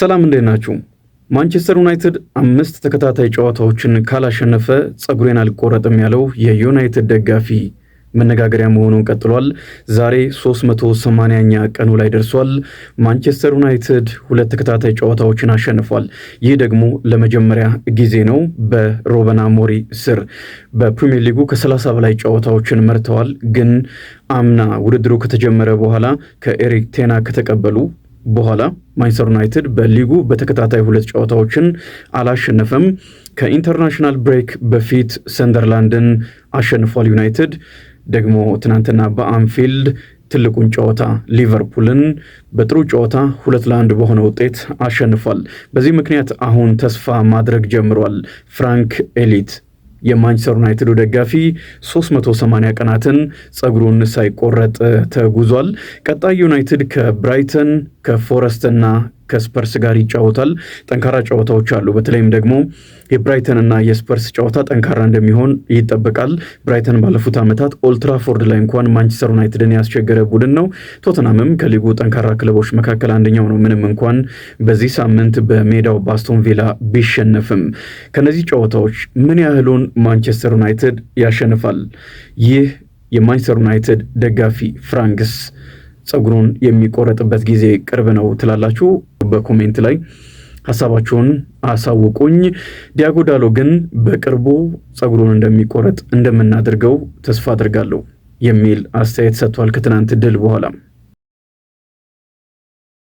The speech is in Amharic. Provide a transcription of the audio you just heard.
ሰላም እንዴት ናችሁ? ማንቸስተር ዩናይትድ አምስት ተከታታይ ጨዋታዎችን ካላሸነፈ ጸጉሬን አልቆረጥም ያለው የዩናይትድ ደጋፊ መነጋገሪያ መሆኑን ቀጥሏል። ዛሬ 380ኛ ቀኑ ላይ ደርሷል። ማንቸስተር ዩናይትድ ሁለት ተከታታይ ጨዋታዎችን አሸንፏል። ይህ ደግሞ ለመጀመሪያ ጊዜ ነው በሮበና ሞሪ ስር። በፕሪሚየር ሊጉ ከ30 በላይ ጨዋታዎችን መርተዋል። ግን አምና ውድድሩ ከተጀመረ በኋላ ከኤሪክ ቴና ከተቀበሉ በኋላ ማንቸስተር ዩናይትድ በሊጉ በተከታታይ ሁለት ጨዋታዎችን አላሸነፈም። ከኢንተርናሽናል ብሬክ በፊት ሰንደርላንድን አሸንፏል። ዩናይትድ ደግሞ ትናንትና በአንፊልድ ትልቁን ጨዋታ ሊቨርፑልን በጥሩ ጨዋታ ሁለት ለአንድ በሆነ ውጤት አሸንፏል። በዚህ ምክንያት አሁን ተስፋ ማድረግ ጀምሯል ፍራንክ ኤሊት የማንቸስተር ዩናይትዱ ደጋፊ 380 ቀናትን ጸጉሩን ሳይቆረጥ ተጉዟል። ቀጣይ ዩናይትድ ከብራይተን ከፎረስትና ከስፐርስ ጋር ይጫወታል። ጠንካራ ጨዋታዎች አሉ። በተለይም ደግሞ የብራይተን እና የስፐርስ ጨዋታ ጠንካራ እንደሚሆን ይጠበቃል። ብራይተን ባለፉት ዓመታት ኦልትራፎርድ ላይ እንኳን ማንቸስተር ዩናይትድን ያስቸገረ ቡድን ነው። ቶተናምም ከሊጉ ጠንካራ ክለቦች መካከል አንደኛው ነው። ምንም እንኳን በዚህ ሳምንት በሜዳው ባስቶን ቪላ ቢሸነፍም ከነዚህ ጨዋታዎች ምን ያህሉን ማንቸስተር ዩናይትድ ያሸንፋል? ይህ የማንቸስተር ዩናይትድ ደጋፊ ፍራንክስ ፀጉሩን የሚቆረጥበት ጊዜ ቅርብ ነው ትላላችሁ? በኮሜንት ላይ ሀሳባችሁን አሳውቁኝ። ዲያጎ ዳሎ ግን በቅርቡ ፀጉሩን እንደሚቆረጥ እንደምናደርገው ተስፋ አድርጋለሁ የሚል አስተያየት ሰጥቷል ከትናንት ድል በኋላ